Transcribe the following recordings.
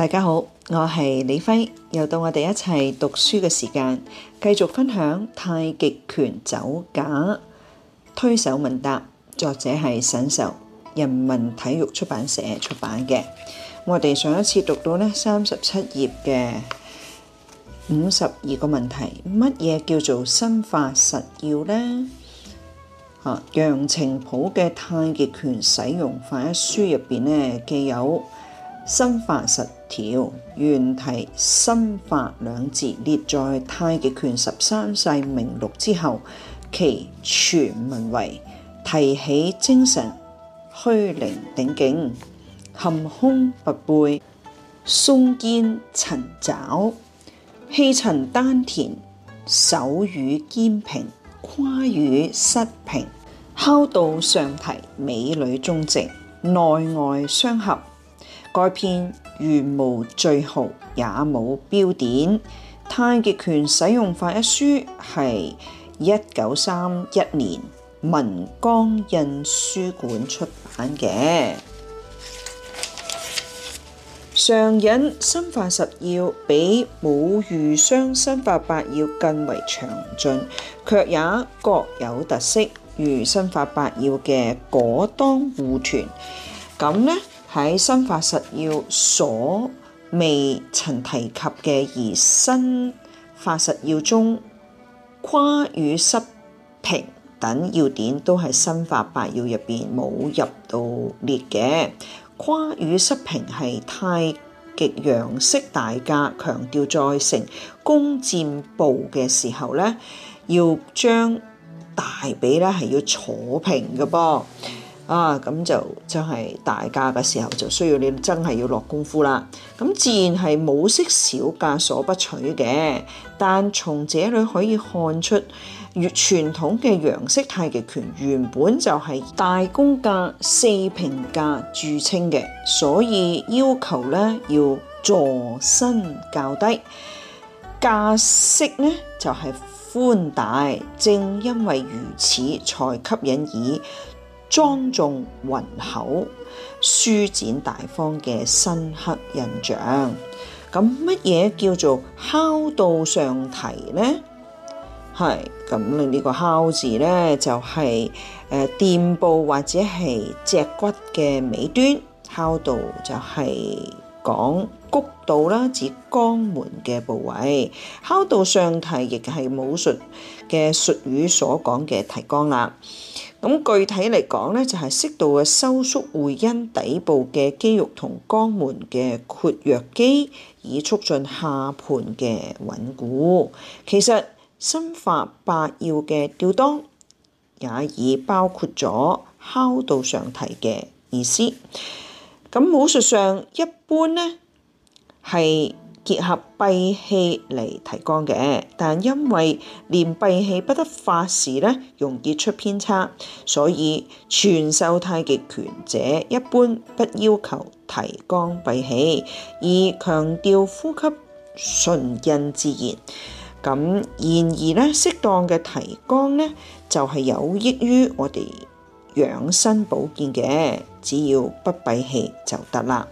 大家好，我係李輝，又到我哋一齊讀書嘅時間，繼續分享太極《太極拳走架推手問答》，作者係沈壽，人民體育出版社出版嘅。我哋上一次讀到呢三十七頁嘅五十二個問題，乜嘢叫做身法實要呢？哦、啊，楊澄甫嘅太極拳使用法喺書入邊呢，既有身法實。條原題心法兩字列在太極拳十三勢名錄之後，其全文為：提起精神，虛靈頂勁，含胸拔背，鬆肩沉肘，氣沉丹田，手與肩平，胯與膝平，敲到上提，美女中正，內外相合。該篇原無序號，也冇標點。《太極拳使用法》一書係一九三一年文光印書館出版嘅。上引《身法十要》比《武禹襄身法八要》更為詳盡，卻也各有特色，如《身法八要》嘅裹襠護肫，咁呢。喺新法實要所未曾提及嘅，而新法實要中跨與失平等要點都係新法八要入邊冇入到列嘅。跨與失平係太極楊式大架強調喺成弓箭步嘅時候咧，要將大髀咧係要坐平嘅噃。啊，咁就真係大架嘅時候就需要你真係要落功夫啦。咁自然係武式小架所不取嘅，但從這裡可以看出，越傳統嘅楊式太極拳原本就係大弓架、四平架著稱嘅，所以要求咧要坐身較低，架式咧就係、是、寬大。正因為如此，才吸引耳，莊重、渾厚、舒展、大方嘅深刻印象。咁乜嘢叫做敲到上提呢？係咁呢，呢個敲字呢就係誒臀部或者係脊骨嘅尾端。敲到就係講谷道啦，指肛門嘅部位。敲到上提亦係武術嘅術語所講嘅提肛啦。咁具體嚟講咧，就係適度嘅收縮會陰底部嘅肌肉同肛門嘅括約肌，以促進下盤嘅穩固。其實《心法八要》嘅吊擋，也已包括咗敲到上提嘅意思。咁武術上一般咧，係。結合閉氣嚟提肛嘅，但因為連閉氣不得法時咧，容易出偏差，所以傳授太極拳者一般不要求提肛閉氣，而強調呼吸順應自然。咁然而咧，適當嘅提肛咧，就係有益於我哋養生保健嘅，只要不閉氣就得啦。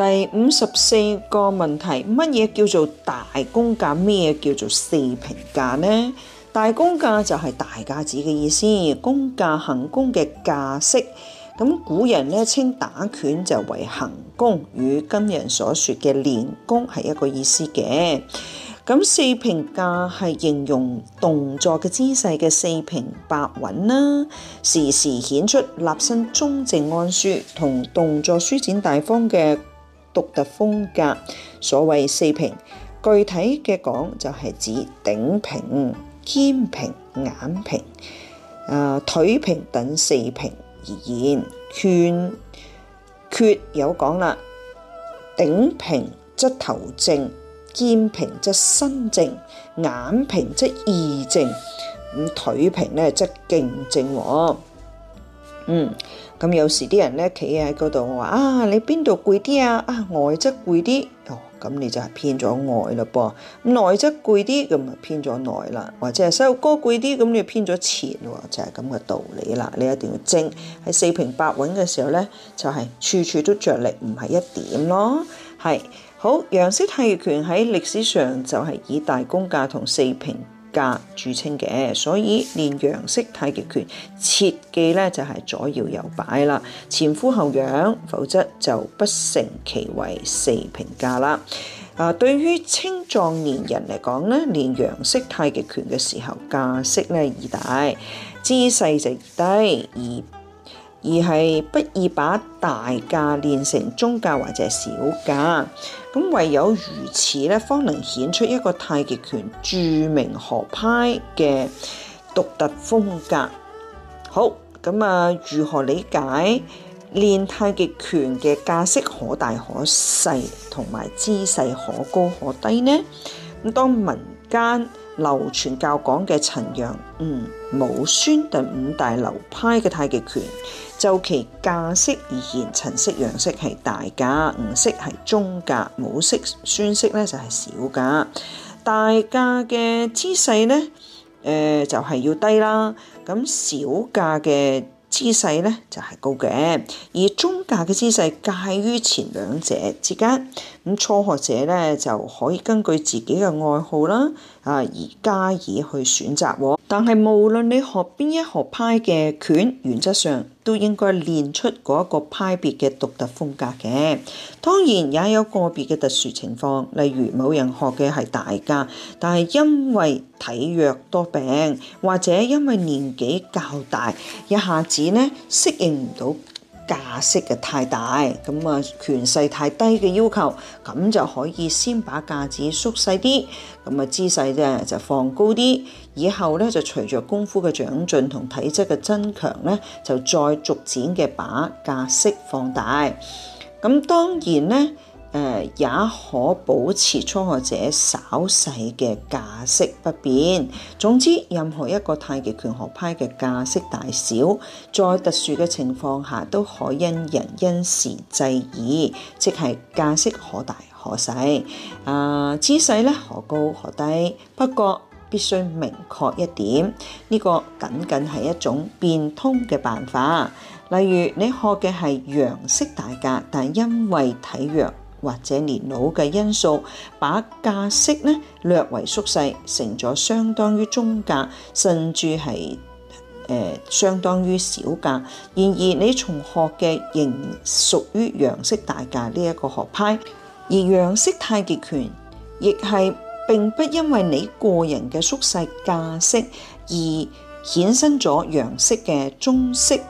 第五十四個問題，乜嘢叫做大功架？咩嘢叫做四平架呢？大功架就係大架子嘅意思，功架行功嘅架式。咁古人呢稱打拳就為行功，與今人所說嘅練功係一個意思嘅。咁四平架係形容動作嘅姿勢嘅四平八穩啦，時時顯出立身中正安舒同動作舒展大方嘅獨特風格，所謂四平，具體嘅講就係指頂平、肩平、眼平、啊、呃、腿平等四平而言。拳訣有講啦，頂平則頭正，肩平則身正，眼平則意正，咁、呃、腿平呢則勁正啊！嗯，咁有時啲人咧企喺嗰度話啊，你邊度攰啲啊？啊，外側攰啲，哦，咁你就係偏咗外嘞噃，內側攰啲，咁啊偏咗內啦，或者係細路哥攰啲，咁你偏咗前，哦、就係咁嘅道理啦。你一定要精喺四平八穩嘅時候咧，就係、是、處處都着力，唔係一點咯。係好，楊式太極拳喺歷史上就係以大功架同四平。架著稱嘅，所以練楊式太極拳切忌咧就係、是、左搖右擺啦，前俯後仰，否則就不成其為四平架啦。啊，對於青壯年人嚟講咧，練楊式太極拳嘅時候，架式咧宜大，姿勢就宜低而。而係不易把大架練成中架或者是小架，咁唯有如此咧，方能顯出一個太極拳著名河派嘅獨特風格。好，咁啊，如何理解練太極拳嘅架式可大可細，同埋姿勢可高可低呢？咁當民間流傳較廣嘅陳陽、嗯、武孫等五大流派嘅太極拳。就其架式而言，陳式楊式係大架，吳式係中架，武式孫式咧就係小架。大架嘅姿勢咧，誒、呃、就係、是、要低啦。咁小架嘅姿勢咧就係、是、高嘅，而中架嘅姿勢介於前兩者之間。咁初學者咧就可以根據自己嘅愛好啦，啊而加以去選擇喎。但係無論你學邊一學派嘅拳，原則上都應該練出嗰一個派別嘅獨特風格嘅。當然也有個別嘅特殊情況，例如某人學嘅係大架，但係因為體弱多病，或者因為年紀較大，一下子呢適應唔到。架式嘅太大，咁啊，權勢太低嘅要求，咁就可以先把架子縮細啲，咁啊，姿勢咧就放高啲，以後咧就隨着功夫嘅長進同體質嘅增強咧，就再逐漸嘅把架式放大。咁當然咧。誒也可保持初學者稍細嘅架式不變。總之，任何一個太極拳學派嘅架式大小，在特殊嘅情況下，都可因人因時制宜，即係架式可大可細。啊、呃，姿勢咧，何高何低？不過必須明確一點，呢、這個僅僅係一種變通嘅辦法。例如你學嘅係楊式大架，但因為體弱，或者年老嘅因素，把架式咧略為縮細，成咗相當於中架，甚至係誒、呃、相當於小架。然而你從學嘅仍屬於楊式大架呢一個學派，而楊式太極拳亦係並不因為你個人嘅縮細架式而衍生咗楊式嘅中式。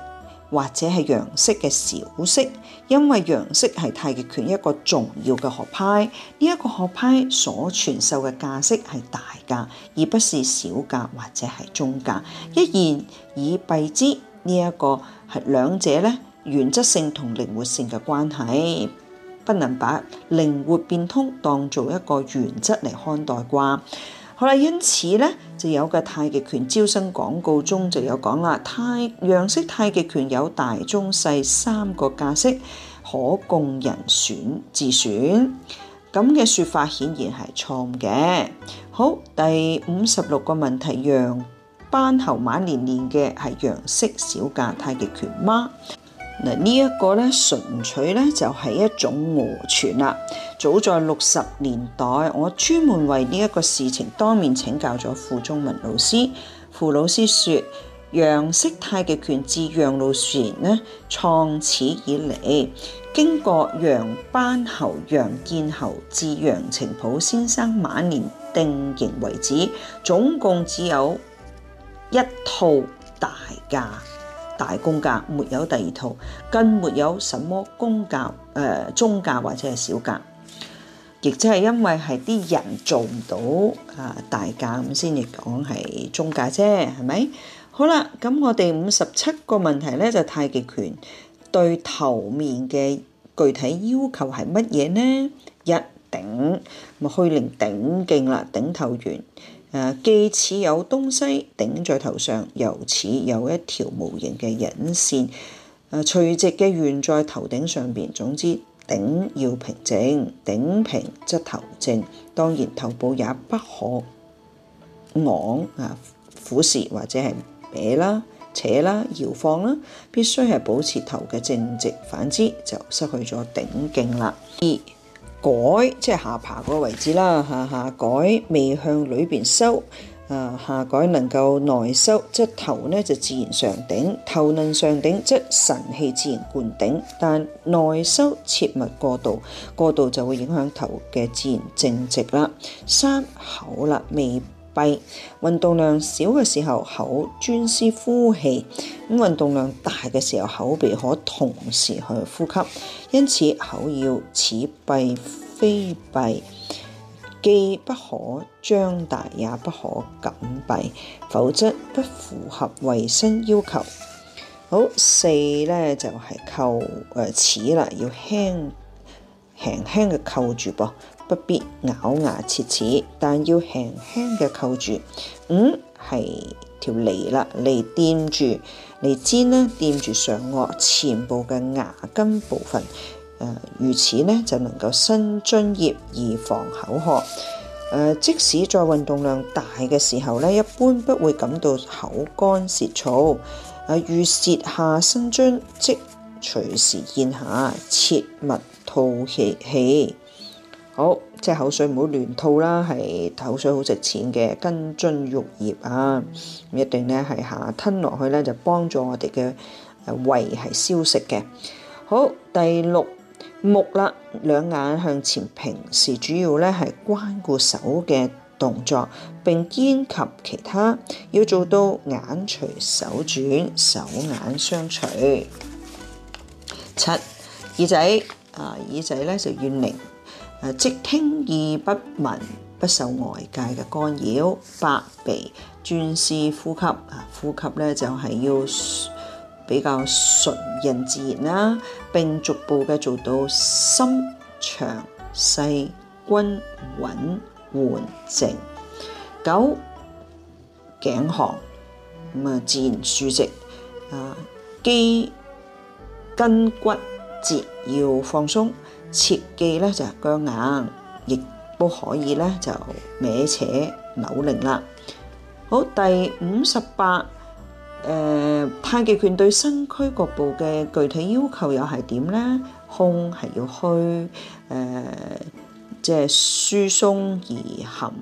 或者係楊式嘅小式，因為楊式係太極拳一個重要嘅學派，呢、這、一個學派所傳授嘅架式係大架，而不是小架或者係中架。一言以蔽之，這個、兩呢一個係兩者咧原則性同靈活性嘅關係，不能把靈活變通當作一個原則嚟看待啩。好啦，因此咧，就有個太極拳招生廣告中就有講啦，太楊式太極拳有大、中、細三個架式可供人選自選，咁嘅說法顯然係錯誤嘅。好，第五十六個問題，楊班侯晚年練嘅係楊式小架太極拳嗎？嗱、這個、呢一個咧純粹咧就係、是、一種誤傳啦。早在六十年代，我專門為呢一個事情當面請教咗傅中文老師。傅老師說：楊式太極拳自楊露禪咧創始以嚟，經過楊班侯、楊健侯至楊澄甫先生晚年定型為止，總共只有一套大架。大功架沒有第二套，更沒有什麼功架、誒中架或者係小架，亦即係因為係啲人做唔到啊大架，咁先至講係中架啫，係咪？好啦，咁我哋五十七個問題咧，就太極拳對頭面嘅具體要求係乜嘢呢？一頂，咪虛靈頂勁啦，頂頭懸。既似有東西頂在頭上，又似有一條無形嘅引線，垂直嘅懸在頭頂上邊。總之頂要平靜，頂平則頭正。當然頭部也不可昂俯視或者係歪啦、扯啦、搖晃啦，必須係保持頭嘅正直。反之就失去咗頂勁啦。改即係下巴個位置啦，下下改，未向裏邊收，啊下改能夠內收，即係頭呢就自然上頂，頭能上頂即係神氣自然貫頂，但內收切勿過度，過度就會影響頭嘅自然正直啦。三口啦，未。閉運動量少嘅時候，口專司呼氣，咁運動量大嘅時候，口鼻可同時去呼吸。因此，口要似閉非閉，既不可張大，也不可緊閉，否則不符合衛生要求。好，四咧，就係、是、扣誒齒啦，要輕輕輕嘅扣住噃。不必咬牙切齒，但要輕輕嘅扣住。嗯，係條脷啦，脷墊住，脷尖呢墊住上顎前部嘅牙根部分，呃。如此呢，就能夠生津液以防口渴。呃、即使在運動量大嘅時候呢，一般不會感到口乾舌燥。誒，啊、遇舌下生津，即隨時咽下，切勿吐氣氣，氣氣好，即係口水唔好亂吐啦，係口水好值錢嘅，金津玉液啊，一定咧係下吞落去呢，就幫助我哋嘅胃係消食嘅。好，第六目啦，兩眼向前平視，主要呢係關顧手嘅動作，並肩及其他，要做到眼隨手轉，手眼相隨。七，耳仔啊，耳仔呢就怨靈。誒，即聽而不聞，不受外界嘅干擾；百鼻專視呼吸，啊，呼吸咧就係要比較順應自然啦，並逐步嘅做到深長細均穩緩靜。九，頸項咁啊，自然豎直啊，肌筋骨節要放鬆。切忌咧就是、僵硬，亦都可以咧就歪斜扭擰啦。好，第五十八誒，太極拳對身軀各部嘅具體要求又係點咧？胸係要虛，誒即係疏鬆而含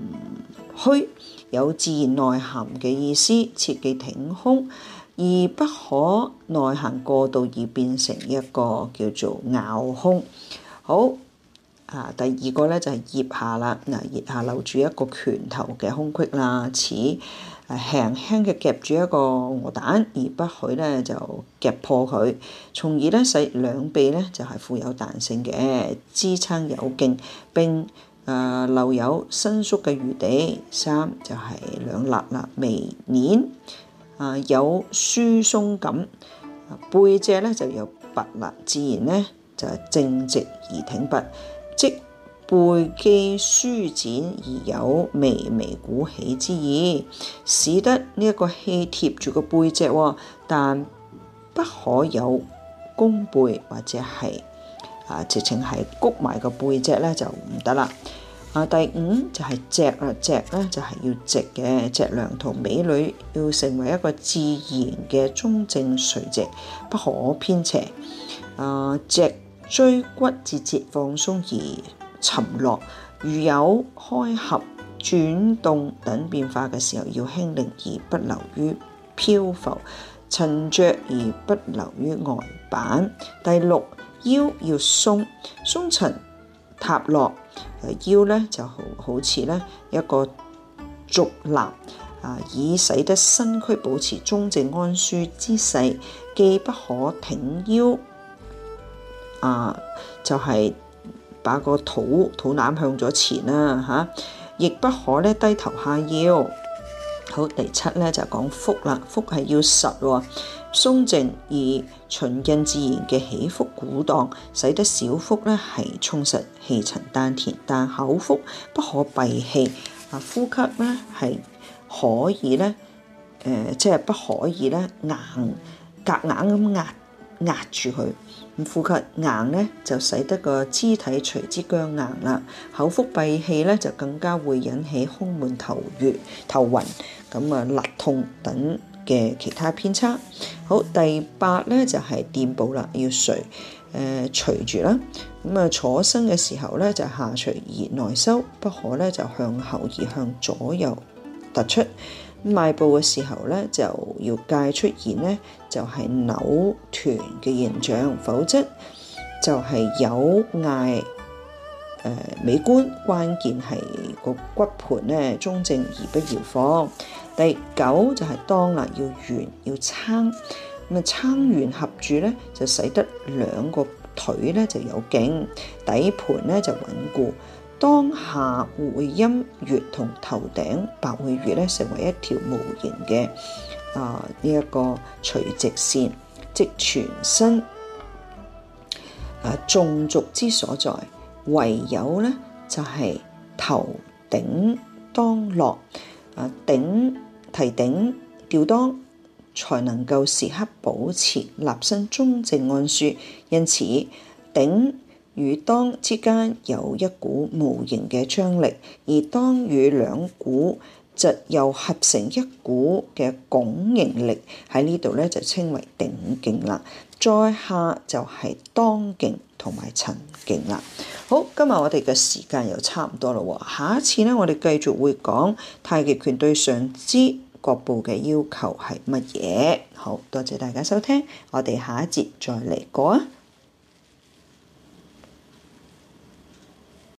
虛，有自然內含嘅意思。切忌挺胸，而不可內含過度而變成一個叫做拗胸。好啊，第二個咧就係、是、腋下啦。嗱，腋下留住一個拳頭嘅空隙啦，似輕輕嘅夾住一個鵝蛋，而不許咧就夾破佢，從而咧使兩臂咧就係、是、富有彈性嘅，支撐有勁，並誒、啊、留有伸縮嘅餘地。三就係兩肋啦，微捻啊，有疏鬆感。啊、背脊咧就有拔肋，自然咧。就是、正直而挺拔，即背肌舒展而有微微鼓起之意，使得呢一個氣貼住個背脊，但不可有弓背或者係啊直情係谷埋個背脊咧就唔得啦。啊、啊第五就係脊啊，脊咧就係要直嘅，脊梁同尾椎要成為一個自然嘅中正垂直，不可偏斜啊脊。椎骨節節放鬆而沉落，如有開合、轉動等變化嘅時候，要輕靈而不流於漂浮，沉着而不流於呆板。第六，腰要鬆，鬆沉塌落，腰咧就好好似咧一個竹立，啊，以使得身軀保持中正安舒姿勢，既不可挺腰。啊，就係、是、把個肚肚腩向咗前啦，吓、啊，亦不可咧低頭下腰。好，第七咧就講腹啦，腹係要實，鬆靜而純任自然嘅起伏鼓蕩，使得小腹咧係充實氣沉丹田，但口腹不可閉氣啊，呼吸咧係可以咧，誒、呃，即、就、係、是、不可以咧硬夾硬咁壓壓住佢。咁呼吸硬咧，就使得個肢體隨之僵硬啦。口腹閉氣咧，就更加會引起胸悶、頭熱、頭暈，咁啊，肋痛、等嘅其他偏差。好，第八咧就係臀部啦，要垂、呃、隨誒垂住啦。咁、嗯、啊，坐身嘅時候咧就下垂而內收，不可咧就向後而向左右突出。邁步嘅時候咧，就要戒出現咧就係、是、扭臀嘅現象，否則就係有礙。誒、呃、美觀。關鍵係個骨盆咧中正而不搖晃。第九就係當啦，要圓要撐，咁啊撐完合住咧，就使得兩個腿咧就有勁，底盤咧就穩固。當下會陰穴同頭頂百會穴咧，成為一條無形嘅啊呢一、這個垂直線，即全身啊縱軸之所在。唯有咧就係、是、頭頂當落，啊頂提頂吊當，才能夠時刻保持立身中正安舒。因此頂，與當之間有一股無形嘅張力，而當與兩股則又合成一股嘅拱形力喺呢度咧，就稱為頂勁啦。再下就係當勁同埋沉勁啦。好，今日我哋嘅時間又差唔多咯，下一次咧我哋繼續會講太極拳對上肢各部嘅要求係乜嘢。好多謝大家收聽，我哋下一節再嚟過啊！